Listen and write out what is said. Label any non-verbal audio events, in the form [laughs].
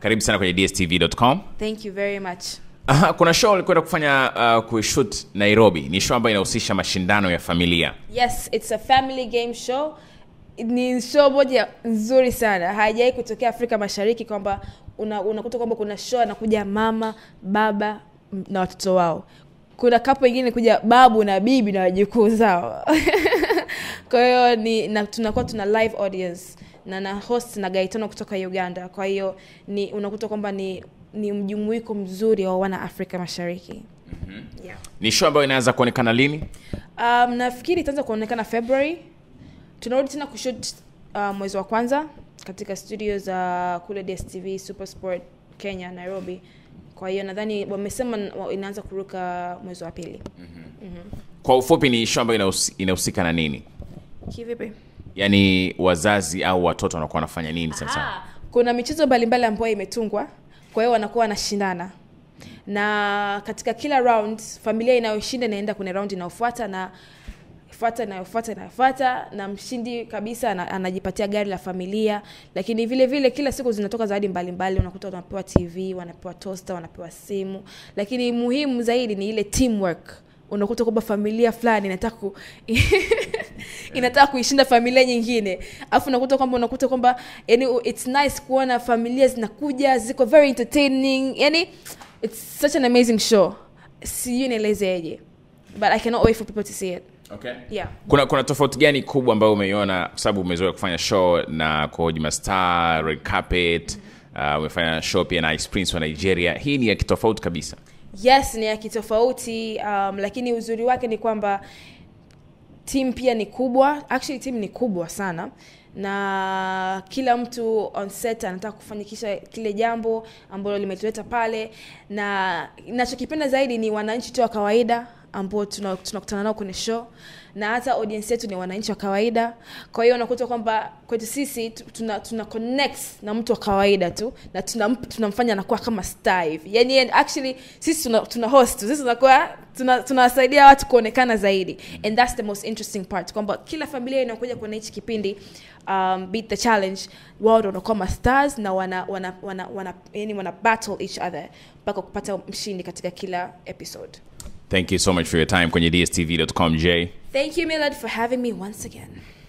karibu sana kwenye dstv.com thank you very much Aha, kuna show ulikwenda kufanya uh, kushoot nairobi ni show ambayo inahusisha mashindano ya familia yes it's a family game show ni show moja nzuri sana haijawai kutokea afrika mashariki kwamba unakuta una kwamba kuna show anakuja mama baba na watoto wao kuna kapo ingine kuja babu na bibi na wajukuu zao [laughs] kwa hiyo tunakuwa tuna live audience na na host na Gaitano kutoka Uganda. Kwa hiyo ni unakuta kwamba ni ni mjumuiko mzuri wa wana Afrika Mashariki. Mm -hmm. Yeah. Ni show ambayo inaanza kuonekana lini? Um, nafikiri itaanza kuonekana February. Tunarudi tena kushoot uh, mwezi wa kwanza katika studio za uh, kule DSTV Supersport Kenya Nairobi. Kwa hiyo nadhani wamesema inaanza kuruka mwezi wa pili. Mm -hmm. Mm -hmm. Kwa ufupi ni show ambayo inahusika na nini? Kivipi? yani wazazi au watoto wanakuwa wanafanya nini sana sana kuna michezo mbalimbali ambayo imetungwa kwa hiyo wanakuwa wanashindana na katika kila round familia inayoshinda inaenda kwenye round inayofuata na fata inayofuata inayofuata na mshindi kabisa anajipatia gari la familia lakini vile vile kila siku zinatoka zawadi mbalimbali unakuta wanapewa tv wanapewa tosta wanapewa simu lakini muhimu zaidi ni ile teamwork unakuta kwamba familia fulani inataka [laughs] inataka kuishinda familia nyingine alafu unakuta kwamba unakuta kwamba yani it's nice kuona familia zinakuja ziko very entertaining yani it's such an amazing show sijui nielezeje but i cannot wait for people to see it okay. yeah. kuna kuna tofauti gani kubwa ambayo umeiona kwa sababu umezoea kufanya show na koji mastar red carpet mm-hmm. uh, umefanya show pia na ice prince wa nigeria hii ni ya kitofauti kabisa yes ni ya kitofauti um, lakini uzuri wake ni kwamba timu pia ni kubwa actually timu ni kubwa sana na kila mtu on set anataka kufanikisha kile jambo ambalo limetuleta pale na nachokipenda zaidi ni wananchi tu wa kawaida ambao tunakutana nao kwenye show na hata audience yetu ni wananchi wa kawaida kwa hiyo unakuta kwamba kwetu sisi tuna, tuna connect na mtu wa kawaida tu na tunamfanya tuna, anakuwa kama star hivi yani yaani, actually sisi tuna, tuna host sisi tunakuwa tunawasaidia tuna watu kuonekana zaidi and that's the most interesting part kwamba kila familia inayokuja kwenye hichi kipindi um, beat the challenge wao ndo wanakuwa mastars na wana wana wana, wana, yani wana battle each other mpaka kupata mshindi katika kila episode Thank you so much for your time, kwenye dstv.com, Jay. Thank you, Millard, for having me once again.